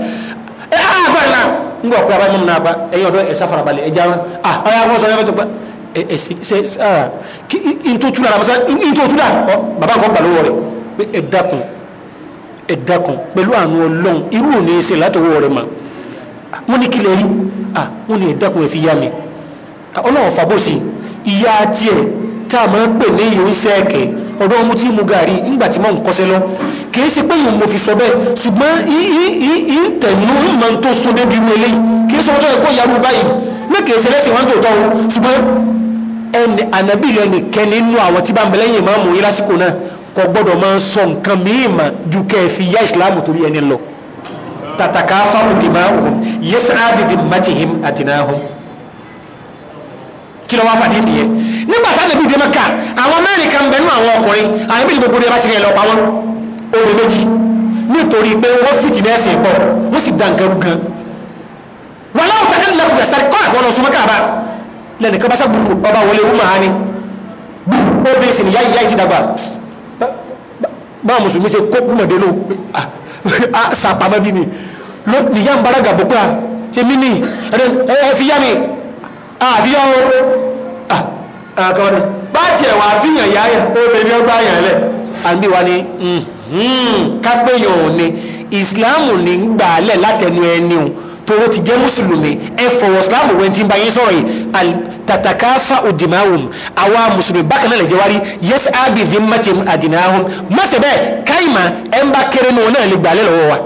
ẹ á bá náà ń gbọ́ pé abáyé mọ́mú náà bá wọn ah, à sọ ẹ pẹ̀lú àánú irú òní mọ́ ah, ní kílẹ̀ rí ah, ní ẹ ẹ fi yá mi ìyá tiẹ̀ tá a máa ń pè ní ìyó sẹ́ẹ̀kẹ́ ọ̀dọ́ ọmú tí mo gàrí ńgbà tí mo ń kọ́sẹ́ lọ kì í ṣe pé yìí mo fi sọ bẹ́ẹ̀ ṣùgbọ́n ìtẹ̀nú ìmọ̀ tó sún débi irú eléyìí kì í ṣe ọjọ́ ẹ̀kọ́ ìyàrú báyìí ní kì í ṣe lẹ́sìn wọn tó tọ́ o ṣùgbọ́n ẹni ànábì lẹ́nu kẹ́ni nínú àwọn tí bá ń bẹ lẹ́yìn ìmọ̀ àmọ̀ yìí lásìkò náà kò gbọ́dọ̀ máa ń sọ nǹkan míì mà ju kẹ́ ẹ fi yá ìsìláàmù torí ẹni lọ tàtàkà fáwọn dìmọ̀ àhùn yẹ́sàá dìdì mọ́tìhìm àdìnnáhùn kí lọ wá fàdí ìfìyẹ nígbà tá nàbí dèmọ ká àwọn mẹ́rin kan bẹnu àwọn ọkùnrin àwọn méjì gbogbo dèmọ ti rìn lọ pa wọn olè méjì nítorí pé wọn fìdí náà sì pọ wọn sì dàn kẹrù gan wọn láwọn tẹ ẹnlẹ kò fẹsẹ kọ àwọn ọsùn mọkà bá lẹni kọ bá sá gbùrù ọba wọlé wù máa ní gbùrù ó bẹ sìn yáyí yáyí ti dàgbà báwọn mùsùlùmí ṣe kó kúmọdé lò ah, ah, sàpamọ ni ìyá ń bára gàbọ pé à ah, èmi ni ẹ fi yá mi. àbíyá o àkàwọn ni báàtì ẹ̀wà àfihàn yáyà o bẹ ọgbà yàn lẹ̀ àbí wa ni kápẹ́yàn ò ní ìsìláàmù ní ń gbà á lẹ̀ látẹnu ẹni o toro ti jẹ́ mùsùlùmí ẹ fọwọ́ sílámù wẹ́n tí ń bá yín tàtàkà fa òdìmáhùn àwa mùsùlùmí bákan náà lè jẹ́ wárí mọ́sẹ̀ bẹ́ẹ̀ káyìmá ń bá kéré wa.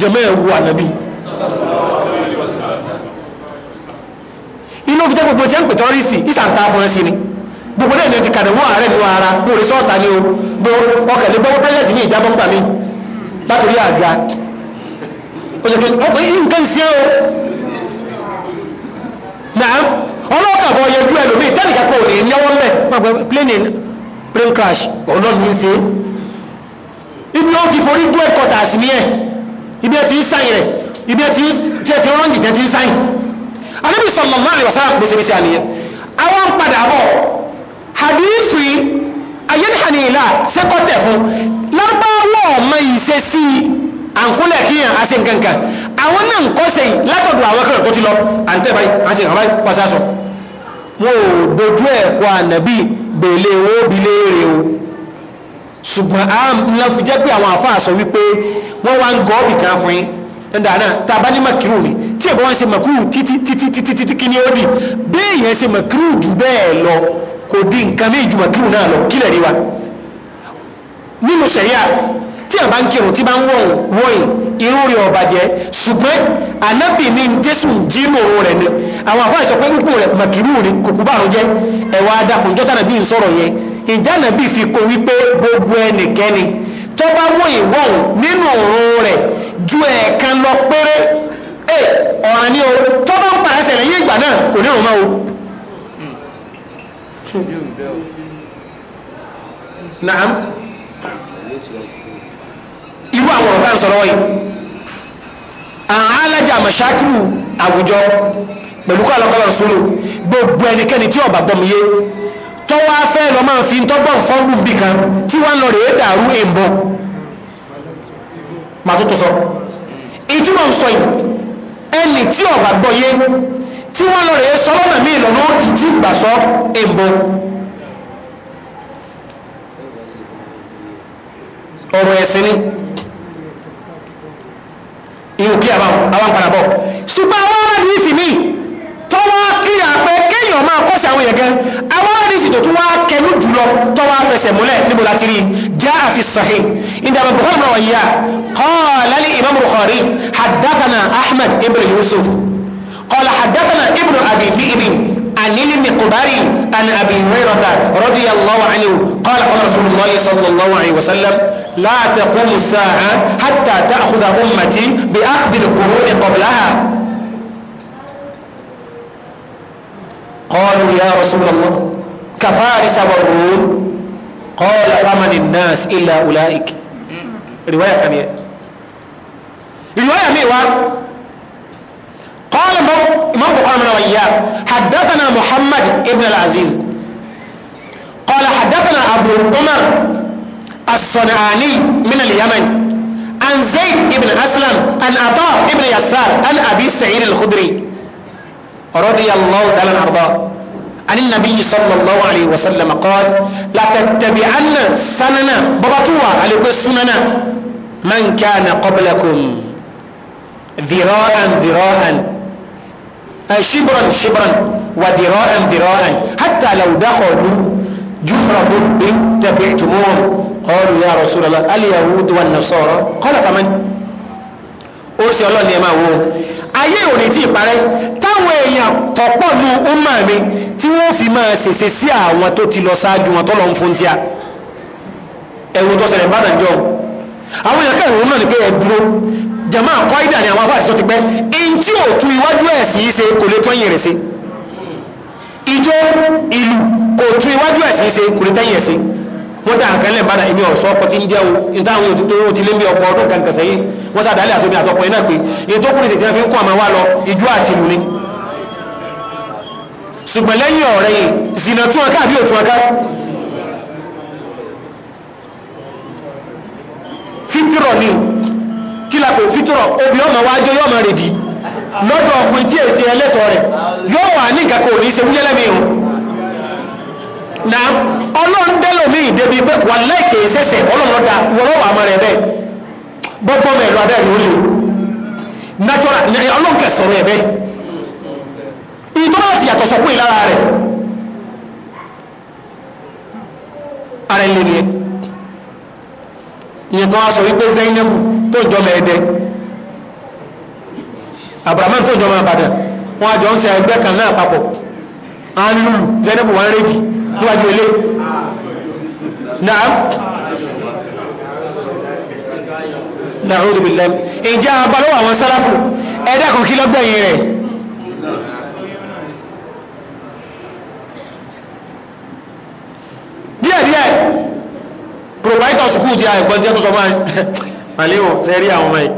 jẹ́mọ́ ẹ̀ ànábì. inú fi jẹ́ gbogbo jẹ́ ń pè tọ́rí sí ìsàǹtà afọ́rẹ́sí ni gbogbo náà ní ti kàdé wọ́n ààrẹ nínú ara bó o lè sọ́ọ̀tà ni o bó ọkàn lè gbọ́wọ́ pẹ́lẹ́tì ní ìjábọ̀ ńgbà mi látòrí àga o lè fi ọkọ̀ yìí nǹkan é o náà ọlọ́ọ̀kà bọ̀ yẹn ju ẹlòmíì tẹ́lẹ̀ kakọ̀ òní yẹwọ́ mẹ́ pàpẹ́ plane plane crash ọ̀nà ní í ṣe ibi ó ti forí dú ẹ̀kọ́tà sí ni ẹ̀ ibi ẹ̀ ti ń sáyìn rẹ̀ ibi ẹ̀ ti ń rọ́ǹgì tẹ́ ti Ànábì sallallahu alaihi wasallam bẹsẹbẹsẹ àníyẹ àwọn padà bọ hadithi ayélujára sẹkọtẹ fún lábáwọ ọmọ ìṣesí àǹkúlẹ̀ kíyàn àti nkankan àwọn náà ń kọ́sẹ̀ yìí látọ̀dọ̀ àwọn akẹ́rẹ̀ tó ti lọ àǹtẹ̀ báyìí àti nǹkan báyìí pàṣẹ aṣọ wọn ò dojú ẹ̀kọ́ ànàbí gbèlè owó bí léèrè o ṣùgbọ́n a ń fi jẹ́ pé àwọn àfáà sọ wípé wọ́n wá ń gọ́ ọ́bì kan fún yín ndànà tàbá tabani makiru ni tí ẹ̀bọ́n ṣe makiru titi titi titi títí kí e ni ó di bẹ́ẹ̀ yẹn ṣe makiru jù bẹ́ẹ̀ lọ kò di nǹkan méjì ju makiru náà lọ kílẹ̀ rí wa nínú sẹ̀ríà tí a bá ń kírun tí bá ń wọ̀n wọ̀nyí irú rẹ̀ ọ̀bàjẹ́ ṣùgbọ́n anábì ní jésù jíìmọ̀ rẹ̀ ni àwọn àfáà sọ pé púpọ̀ rẹ̀ màkìrú rẹ̀ kòkó bá rún jẹ́ ẹ̀wà adakùnjọ́ tànàbí ń sọ̀rọ̀ yẹn ìjà nàbí fi kó wípé gbogbo ẹnìkẹ́ni tó bá wọ ìwọ̀n nínú òru rẹ̀ ju ẹ̀ẹ̀kan lọ péré ẹ ọ̀ràn ni o tó bá ń pàṣẹ rẹ̀ yé ìgbà náà kò ní òun mọ́ o. naam irú àwọn ọ̀rọ̀ bá ń sọ̀rọ̀ yìí àwọn alájà àmàṣákìlù àwùjọ pẹ̀lú kọ́ àlọ́kọ́lọ́ sólò gbogbo ẹnikẹ́ni tí ọ̀bà gbọ́mìyé tọ́wọ́ afẹ́ lọ máa fi tọ́gbọ̀n fọ́ọ̀lù bì kan tí wọ́n lọ rèé dàrú èèbọ̀ màá tó tó sọ ìtumọ̀ ń sọ yìí ẹni tí ọ̀gá gbọ́ yé tí wọ́n lọ rèé sọ lọ́nà míì lọ́nà òdì tí ìgbà sọ èèbọ̀ ọ̀rọ̀ ẹ̀sìn ni ìhùkí àwọn àwọn àpàdàbọ̀ ṣùgbọ́n àwọn ọmọdé ìfìmí tọ́wọ́ kíyà máa kọ́ sí àwọn èèyàn gan àwọn àdìsí tó tún wá kẹnu jùlọ tó wá fẹsẹ̀ múlẹ̀ níbo la ti rí jaa fi sahih inda Abu náà wáyé qala li Imam Bukhari haddathana ibn Yusuf qala haddathana ibn Abi Dhi'b عن المقبار عن أبي هريرة رضي الله عنه قال قال رسول الله صلى الله عليه وسلم لا تقوم الساعة حتى تأخذ أمتي بأخذ القرون قبلها قالوا يا رسول الله كفارس والروم قال فمن الناس إلا أولئك رواية ثانية رواية مئوة قال إمام بخاري من وإياه حدثنا محمد ابن العزيز قال حدثنا أبو عمر الصنعاني من اليمن عن زيد بن أسلم عن عطاء بن يسار عن أبي سعيد الخدري رضي الله تعالى عنه عن النبي صلى الله عليه وسلم قال لا تتبعن سننا بابتوا على سننا من كان قبلكم ذراعا ذراعا شبرا شبرا وذراعا ذراعا حتى لو دخلوا جحر ضب تبعتموهم قالوا يا رسول الله اليهود والنصارى قال فمن أرسل الله لما هو ayé òní tí ìparẹ́ táwọn èèyàn tọ̀pọ̀ nu ọmọ mi tí wọ́n fi máa ṣèṣe sí àwọn tó ti lọ ṣáájú wọn tó lọ ń fún tíá ẹ̀rù tó ṣẹlẹ̀ bá nàìjọ́ àwọn èèyàn kẹrù náà ni pé ẹ dúró jama kọ́ ìdá ni àwọn afáàtì sọ ti pẹ́ ẹni tí tu iwájú ẹ̀ sí í ṣe kò lè tún ẹ̀yìn rẹ̀ ṣe ìjọ ìlú kò tu iwájú ẹ̀ sí í ṣe kò lè tẹ́yìn rẹ̀ ṣe wọ́n dá nǹkan lẹ́ẹ̀bá èmi ọ̀sọ́ ọkọ̀ tí ń jẹun ìtàwọn òtítọ́ òtílé ń bí ọkọ̀ ọdún kan kẹsẹ̀ wọ́n sá dálé àtọ́mi àtọ́pọ̀ iná pé èyí tó kúrò ìsètìlẹ́ fi ń kún àmọ́ wá lọ ìjọ àti ìlú ni ṣùgbọ́n lẹ́yìn ọ̀rẹ́ yìí zìnà tún ọká àbí òtún ọká fítírọ̀ ni kí la pè fítírọ̀ obì ọmọ wa jẹ́ yọmọ rẹ̀ di lọ́dọ̀ ọkùnrin tí èsì ẹlẹ́tọ̀ rẹ̀ yóò wà ní nǹkan kò ní í ṣe wúyẹ́ lẹ́mìí o na ọlọ́run dẹ́lòmíì débi pé wà láìkè ìṣẹ̀ṣẹ̀ ọlọ́run ọ̀dà wọ́n wà rẹ̀ bẹ́ẹ̀ gbọ́gbọ́ mẹ́lú abẹ́ ni ó lè natural ọlọ́nkẹ̀ sọ̀rọ̀ ẹ̀bẹ́ ìtọ́lá ti yàtọ̀ sọ̀kú ìlara rẹ̀ ara ilé ni ẹ ìyẹn kan wá sọ wípé Zainab tó jọ mẹ́ẹ̀dẹ́ Abrahamu tó jọ mẹ́ẹ̀bàdàn wọn àjọ ń ṣe ẹgbẹ́ kan náà papọ̀ án lùlù Zainab wọn rédì níwájú ilé náà nàúdù billah ìjà abalọ́wọ́ àwọn sálàfù ẹ̀dá kan kí lọ́gbẹ̀yìn rẹ̀ díẹ̀díẹ̀ proprietor sukuu ti àìgbọ́n tí a tó sọ máa màlíwọ̀ sẹ́rí àwọn ọmọ yìí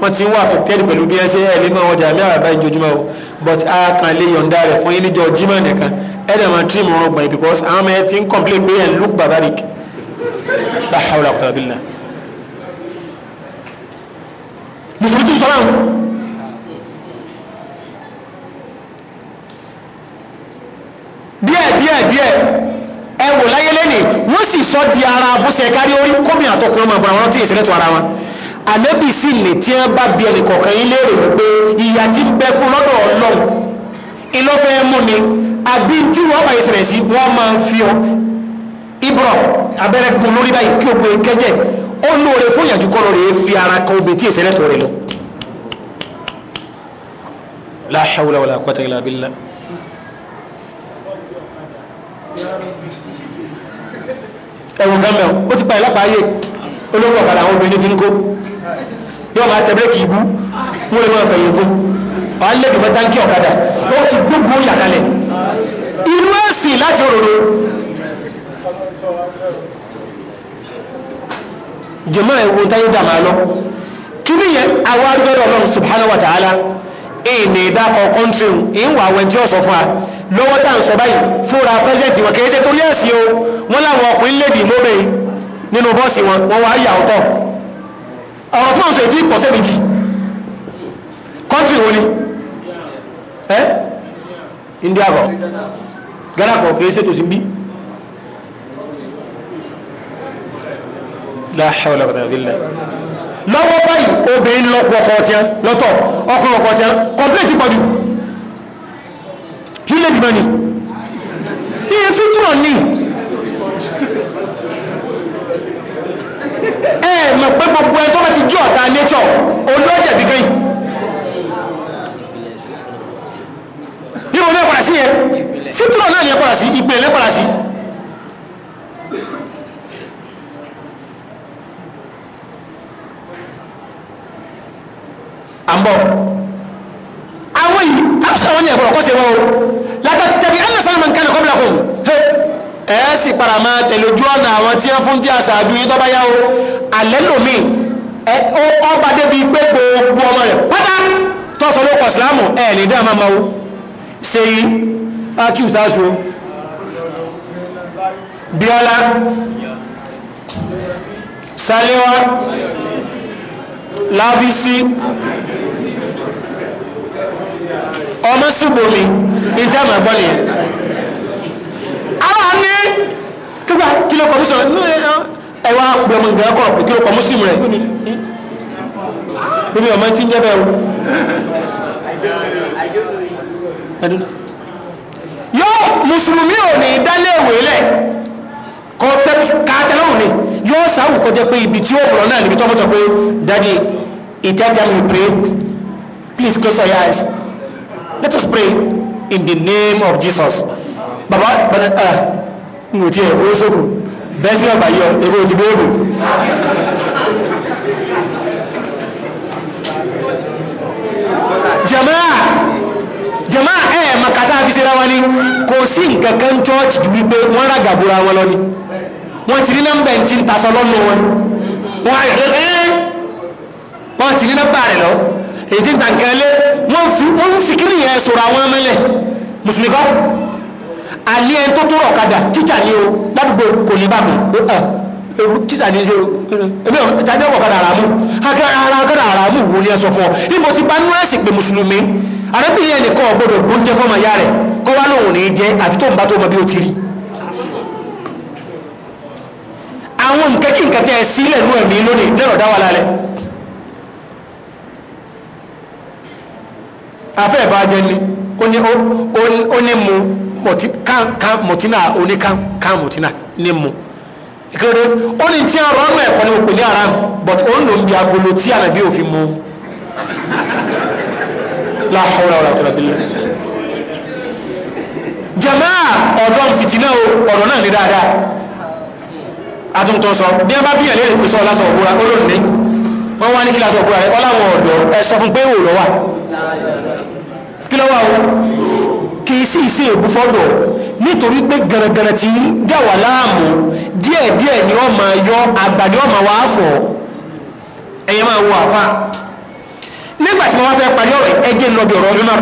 wọ́n ti ń wà affected pẹ̀lú bí ẹ ṣe ẹ̀ lẹ́mọ̀ ọjà àmì àràbá ìjojúmọ́ o but a kan lè yọ̀ǹda rẹ̀ fún yín níjọ jimá nìkan ẹ̀ dẹ̀ máa trim ọ̀rọ̀ gbọ̀nyìn because àwọn ọmọ ẹ ti ń complain pé ẹ̀ ń look barbaric. la hawla wa quwwata mùsùlùmí tó sọ́rọ̀ díẹ̀ díẹ̀ ẹ wò láyé lẹ́nì wọ́n sì sọ di ara bóṣe kárí orí kómi àtọkùnrin ọmọ àbúrò àwọn tí ìṣẹ̀lẹ̀ tó ara wọn ànábì sì lè tí wọ́n bá bí ẹnì kọ̀ọ̀kan yín léèrè wípé ìyà tí ń bẹ fún lọ́dọ̀ ọlọ́run ìlọ́fẹ́ mú ni àbí tí wọ́n bá ìṣẹ̀lẹ̀ sí wọ́n máa ń fi ọ ibùrọ̀ abẹ́rẹ́ gun lórí báyìí kí o pe kẹ́jẹ́ ó lóore fún ìyànjú kọ́ lóore fi ara kan obìnrin tí èsẹ̀ lẹ́tọ̀ọ́ rẹ̀ lọ. la hawla wala quwwata illa billah. ẹ̀wọ̀n kan mẹ́wọ̀n ó ti pa ìlápá ayé olóńgbò ọ̀kadà àwọn obìnrin fi ń kó yóò máa tẹ bírèkì ibú wọ́n lè máa fẹ̀yìn gún wà á lẹ́gbẹ̀ẹ́ táǹkì ọ̀kadà ó ti gbogbo yàkalẹ̀ inú ẹ̀sìn láti òróró jọmọ́ ẹ̀wọ̀n táyé dàmà lọ kí ni yẹn àwọn arúgbọ́dọ̀ subhanahu wa ta'ala èyí ní ìdákọ̀ in ìhùn àwọn tí ó sọ fún wa lọ́wọ́ tá à ń sọ báyìí fúnra pẹ́sẹ̀ntì wọn kì í ṣe torí ẹ̀sìn o wọn làwọn ọkùnrin lè dì mọ́bẹ̀ nínú bọ́ọ̀sì wọn wọn wá yà ọ̀tọ̀ ọ̀rọ̀ tí wọ́n sọ èyí tí pọ̀ wo ni ẹ́ India kọ Ghana kọ kì í ṣe tòsí bíi láhàwọ̀lá ọ̀dà ìbílẹ̀ lọ́wọ́ báyìí obìnrin lọ́pọ̀ ọkọ̀ ọ̀tíá lọ́tọ̀ ọkùnrin ọkọ̀ ọ̀tíá kọ̀pléètì pọ̀jù ilé ìdìbò ni iye fítúrọ̀ ní ẹ mọ̀ pé gbogbo ẹ tó bá ti jí ọ̀tá nature olóòjẹ̀bí kẹ́yìn nínú ilé ìpàdásí yẹn fítúrọ̀ náà ní ẹ padà sí ìpè ilé ìpàdásí à ń bọ̀ àwọn yìí àbúṣe àwọn yẹn bọ̀rọ̀ kọ́ sí wọn o látàtẹ̀bí ẹlẹ́sàn máa ń kẹ́lẹ̀ kọ́bílà kò ẹ sì para máa tẹ̀lé ojú ọ̀nà àwọn tí wọ́n fún tí àṣàdù yìí tọ́ba yá o alẹ́ lomi ọba débi pé gbogbo ọmọ rẹ̀ pátá tọ́sọ̀ ló kọ̀ sílámù ẹ̀ ní dá máa ma o ṣe yí akíw sáṣu bíọ́lá sálẹ́wà lábísí ọmọ súbomi ní tí a máa gbọ́ nìyẹn. àwọn ní kígbà kílò kọmíṣọ ẹwà pé ọmọ nǹkan kọ kílò kọmíṣìmù rẹ bíbí ọmọ tí ń jẹ́ bẹ́ẹ̀ o. yóò mùsùlùmí ò ní dálé ìwé lẹ̀ kọ́ tẹ́lẹ̀ òní yóò sáwù kọjá pé ibi tí ó wùrọ̀ náà níbi tó mọ̀ sọ pé daddy it mi me pray please close your eyes let us pray in the name of jesus baba bana ah mo ti ẹ̀ fowó sófò bẹ́ẹ̀ sí ọ̀bà yọ ebi o ti bí èbò. jamaa jamaa ẹ ẹ makata fi ṣe ra wa kò sí nǹkan church ju wípé wọn ra gàbúra wọn lọ ni wọn ti ní nọ́mbà ti ń lọnà wọn wọn ti ní nọ́mbà rẹ lọ èyí ti wọ́n fi wọ́n fi kiri yẹn sọ̀rọ̀ àwọn ẹmẹ́lẹ̀ mùsùlùmí kọ́ alẹ́ ẹ̀ tó tó rọ̀ kadà tíjà ni o ládùúgbò kò ní bàbá ewu tíṣà ní ṣe ebi jáde ọ̀kadà àràmù ara ọ̀kadà àràmù wo ni ẹ sọ fún ọ níbo ti bá nú ẹ̀sìn pé mùsùlùmí arábìnrin ẹnìkan ọ̀gbọ́dọ̀ gbóúnjẹ fọmọ ya rẹ̀ kọ́ wá lóhùn ní jẹ́ àfi tó ń bá tó mọ bí ó ti rí àwọn nǹkan kí sílẹ̀ nú ẹ̀mí lónìí lẹ́rọ̀ dá wà afẹ́ ìbájẹ́ ni ó ní mu mọ̀tínà oníkàkàn mọ̀tínà ní mu ìkéde ó ní tí a rọ ọ́nà ẹ̀kọ́ ní òpè ní ara but ó ń lò ń bi agolo tí ànàbí òfin mu la hawla wala jamaa ọdọ o ọdọ náà ní dáadáa àtúntò sọ bí wọn bá bí ẹlẹ́rìí pèsè ọ̀la sọ ọ̀gbọ́ra wọn wá ní kí la kí lọ́wọ́ o kì í sì ṣe èbú fọ́dọ̀ nítorí pé gẹ̀rẹ̀gẹ̀rẹ̀ tí ń jà wà láàmú díẹ̀díẹ̀ ni wọ́n máa yọ àgbà ni wọ́n máa wá fọ̀ ẹ̀yẹ máa wo àfa nígbà tí mo wá fẹ́ parí ọ̀rọ̀ ẹjẹ́ ń lọ bí ọ̀rọ̀ Umar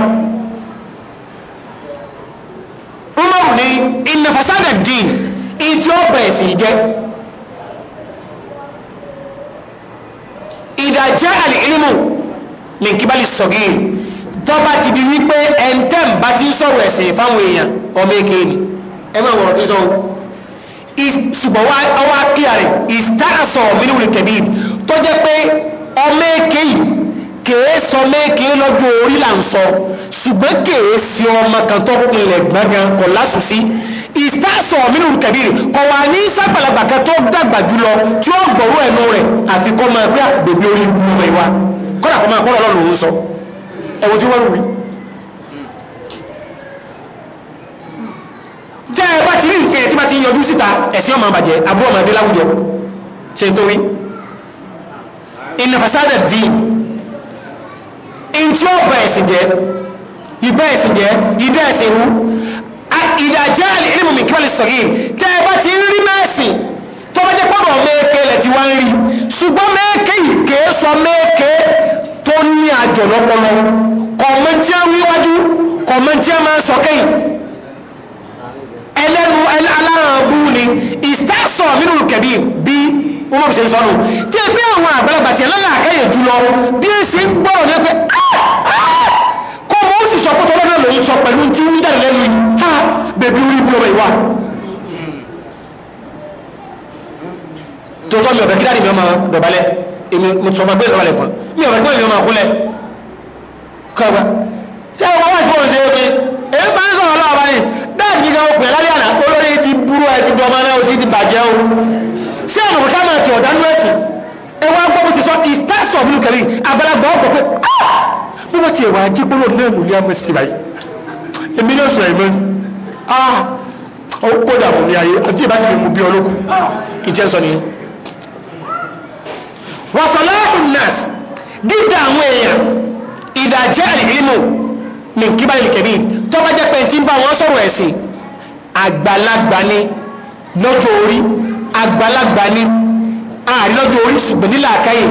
Umar ní inna fasada dín ìtí ó bẹ̀rẹ̀ sí jẹ́ ìdájẹ́ àlè ilmu min kibali sọ̀gìn tọ́ba ti di wípé ẹ̀ńtẹ́m bá ti ń sọ̀rọ̀ ẹ̀sìn fáwọn èèyàn ọmọ èké ni ẹ máa wọ̀rọ̀ fi sọ́wọ́ ṣùgbọ́n ọwọ́ akíyà rẹ̀ ìsítá àṣọ mílíọ̀nù kẹ̀bí tó jẹ́ pé ọmọ èké yìí kèé sọ méèké lọ́jọ́ orí là ń sọ ṣùgbọ́n kèé sí ọmọ kan tó pinlẹ̀ gbọ́ngàn kọ̀ lásùsí ìsítá àṣọ mílíọ̀nù kẹ̀bí rẹ̀ kọ̀ wà ní sàgbàlagbà kan tó dàgbà jùlọ tí ó gbọ̀rọ̀ ẹnu rẹ̀ àfikọ́ máa gbé àgbègbè orí ìgbìmọ̀ ìwà kọ́dà kọ́ máa kọ́ ẹ̀wọ̀n tí wọ́n ń wí. tẹ́ ẹ bá ti rí nǹkan ẹ̀ tí bá ti yọjú síta ẹ̀sìn ọmọ àbàjẹ́ abúlé ọmọ adé láwùjọ ṣe ń torí. ìnà fasada di ntí ó bá ẹ̀sìn jẹ́ ìbá ẹ̀sìn jẹ́ ìdá ẹ̀sìn hu ìdájẹ́ àlè ẹ̀rìmọ̀ mi kíwọ́n lè sọ̀rọ̀ yìí tẹ́ ẹ bá ti rí mẹ́ẹ̀sìn tó bá jẹ́ pọ́dọ̀ mẹ́ẹ̀kẹ́ lẹ̀ ti wá ń rí ṣùgbọ́n mẹ́ẹ̀kẹ́ yìí kèé sọ mẹ́ẹ̀kẹ́ tó ní àjọ lọ́pọlọ kọ̀mẹ́ntì wíwájú kọ̀mẹ́ntì máa sọ kẹ́yìn ẹlẹ́nu aláàbù ni ìsítẹ́sọ̀ nínú kẹ̀bí bí wọ́n fi ṣe sọ nù tí ẹ gbé àwọn àgbàlagbà tí ẹ lọ́la àkẹ́yẹ jùlọ bí ẹ ṣe ń gbọ́rọ̀ ní pé ah! Ah! kó mọ́ ó sì sọ pé tọ́lọ́dọ̀ lòún sọ pẹ̀lú tí ń jáde lẹ́nu yìí ha bèbí orí ibú ọmọ ìwà tó tọ́ mi ọ̀fẹ́ kí dáàdì mi ọmọ dọ̀bálẹ̀ èmi mùsùlùmá gbé ìrọ̀lẹ́ fún mi ọ̀rọ̀ gbé ìrọ̀lẹ́ kúlẹ̀ kọ́gbà ṣé ọkọ̀ wá sí oúnjẹ mi èyí bá ń sọ̀rọ̀ lọ́wọ́ báyìí dáàbì gíga ó pè lálẹ́ àná olórí ti burú ẹ ti dọ̀mọ́ náà ó ti ti bàjẹ́ o ṣé ọ̀nà ká máa tẹ̀ ọ̀dánú ẹ̀sìn ẹ wá gbọ́ bó ṣe sọ ìstáṣọ mi kẹrin àgbàlagbà ọ̀pọ̀ pé ah! bí wọ́n ti ẹ̀wà ajé gbóló náà mú ní àmọ́ sí báyìí èmi náà sọ̀rọ̀ ìmọ̀ ó ah! kódà mú ní ayé àti ìbáṣepọ̀ mú bí ọlọ́kùn ìjẹ́sọ nìyẹn wasalahun nas dídá àwọn èèyàn ìdàjẹ́ àlìkílímù ní kíbalì kẹ̀bí tó bá jẹ́ pé tí ń bá wọn sọ̀rọ̀ ẹ̀sìn àgbàlagbà ni lọ́jọ́ orí àgbàlagbà ni ààrí orí ṣùgbọ́n nílà àkáyè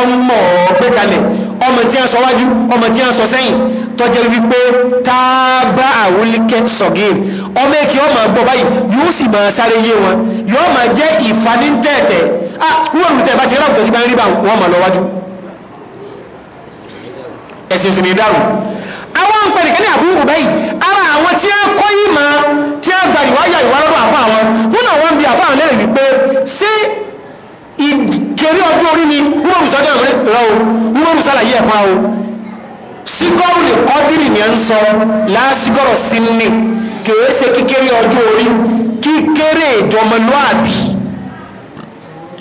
ọmọ ọ̀gbẹ́kalẹ̀ ọmọ tí a sọ wájú ọmọ tí a sọ sẹ́yìn tọ́jẹ́ wípé tábà àwòlíkẹ́ sọ̀gìn ọmọ èkì ọmọ àgbọ̀ báyìí yóò sì máa sáré yé wọn yóò máa jẹ́ ìfanítẹ̀ẹ̀tẹ̀ ah wọ́n rú tẹ̀ bá ti rẹ́ àwùjọ tí bá ń rí bá wọn máa lọ wájú ẹ̀sìn sì ní dáhùn àwọn ń pẹ̀lú kẹ́lẹ́ àbúrò báyìí ara àwọn tí a kọ́ yìí máa tí a gbàdìwáyà ìwárọ́rọ́ àfa àwọn wọn náà wọ́n ń bi àfa àwọn lẹ́rìí wípé ṣé ìkéré ọjọ́ orí ni wúrò sọ́jọ́ ìwé rẹ̀ o wúrò sàlàyé ẹ̀fọ́ o sígọ́rù lè kọ́dírì ni ẹ̀ ń sọ lásìgọ́rọ̀ sí ní kèé ṣe kíkéré ọjọ́ orí kíkéré ìjọmọlúàbí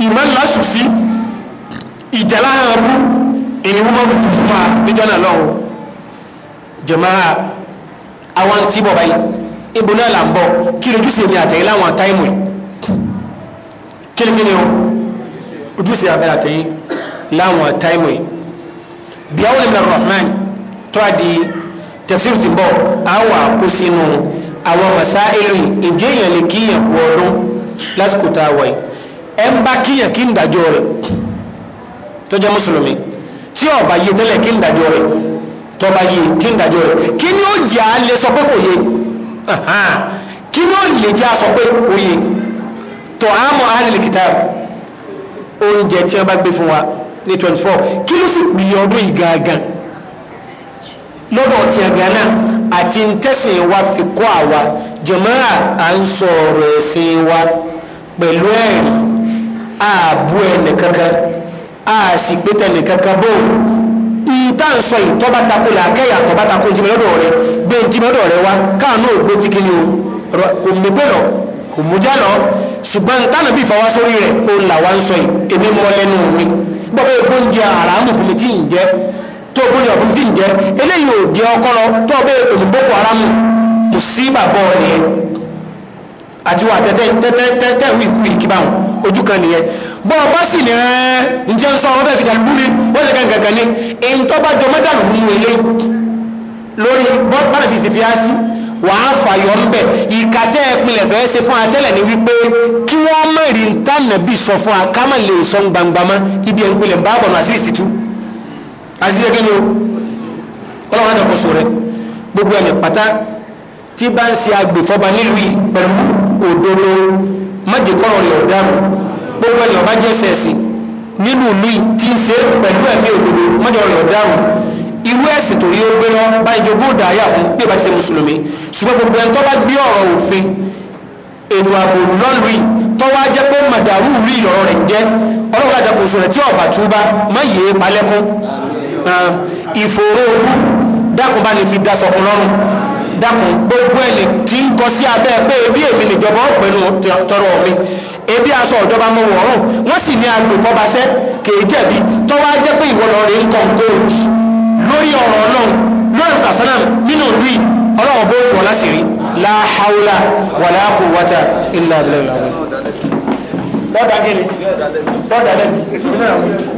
ìmọ̀lásùsí ìjàláhàbú ìní wọ́n mọ̀ tó fún wa níjọ́ náà lọ́wọ́ jàmáà àwọn tí bọ̀ báyìí ibo náà là ń bọ̀ kí lójúṣe mi àtẹ̀yìn láwọn táìmù kí ni kí ni o ojúṣe abẹ́rẹ́ àtẹ̀yìn láwọn táìmù yìí bí àwọn ẹ̀mẹ̀ rahman tó a di tafsir ti bọ̀ á wà kó sínú àwọn masáìlì ìjẹ́ èèyàn lè kíyàn wọ ọdún lásìkò tá a wà yìí ẹ̀ ń bá kíyàn kí ń dájọ́ rẹ̀ tó jẹ́ mùsùlùmí tí ọba yìí tẹ́lẹ̀ kí ń dájọ́ rẹ̀ tọba yìí kí n dájọ́ rẹ̀ kí ni ó jẹ́ a sọ pé kò yé kí ni ó lè jẹ́ a pé kò yé tọ́ àmọ́ àlè kìtàbù. oúnjẹ tí wọ́n bá gbé fún wa ní twenty four kí ló sì pìlẹ̀ ọdún yìí gangan lọ́dọ̀ àti ntẹ́sìn wa fi kọ́ àwa jàmáà à ń sọ ọ̀rọ̀ ẹ̀sìn wa pẹ̀lú ẹ̀rí ààbò ẹnì kankan ààsì pété kankan bò ìta ń sọ ìtọ́ba tako là kẹ́yà tọ́ba tako jìmọ̀ rẹ gbé wa o kò mú bẹ́ẹ̀ lọ kò mú ṣùgbọ́n tánà bí fọwọ́ sórí rẹ̀ ó là wá ń sọ yìí èmi mọ lẹ́nu mi bọ́bá egbò ń jẹ àràmù fún mi tí ń jẹ tó o gbóni ọ̀fun tí ń jẹ eléyìí ò jẹ ọkọ tó o bẹ èmi boko haram kò sí bàbá ọ nìyẹn àti wà tẹ́tẹ́ tẹ́tẹ́ tẹ́tẹ́ wí kú ìkí báwọn ojú kan nìyẹn bọ́ ọ bá sì ní ẹ́ ǹjẹ́ ń sọ ọ́ bẹ́ẹ̀ fi dàlú mi wọ́n ṣe kankan kan ní èyí tó bá jọ mẹ́tàlú mú eléyìí lórí wàá fàyọ̀ ńbẹ̀ ìkàtẹ́ ìpìlẹ̀ fẹ́ ṣe fún atẹ́lẹ̀ ni wípé kí wọ́n mẹ́rì ń tà nàbí sọ fún wa ká má lè sọ gbangba mọ́ ibi ẹ̀ ń pìlẹ̀ bá bọ̀ nù àṣírí sì tú àṣírí kí ni o ọlọ́run àdàkọ̀sọ rẹ gbogbo ẹni pátá tí bá ń ṣe agbèfọ́ba nílùú yìí pẹ̀lú òdodo májèkọ́rọ̀ rẹ̀ ọ̀daràn gbogbo ẹni ọba jẹ́ sẹ̀sìn nínú ìlú yìí tí ń ṣe pẹ̀lú ẹ̀mí irú ẹ̀sìn tó yẹ ó gbé lọ báyìí jogún ìdáyà fún bí ìbá ti ṣe mùsùlùmí ṣùgbọ́n gbogbo ẹni tó bá gbé ọ̀rọ̀ òfin ètò ààbò lọ́lùú yìí tó wá jẹ́ pé màdàrú rí ìlọ́rọ̀ rẹ̀ jẹ́ ọlọ́run àjàkóso rẹ̀ tí ọ̀bà túbá má yé e palẹ́kún ìfòró ogún dákun bá lè fi dasọ fún lọ́rùn dákun gbogbo ẹni tí ń kọ sí abẹ́ pé ebi èmi nìjọba ọ̀pẹ̀nu tọrọ mi ebi aṣọ ìjọba mọ̀ wọ̀ọ́rùn wọ́n sì ní agbèfọ́baṣẹ́ kèé jẹ̀bi tó wá jẹ́ pé ìwọ lọ́ọ́ rí nǹkan góòdì lórí ọ̀rọ̀ ọlọ́run lórí sàsánàm nínú ìlú ọlọ́run bó tù ọ́ lásìrí la hawla wala quwwata illa billah. lọ́dà kí ni lọ́dà lẹ́nu.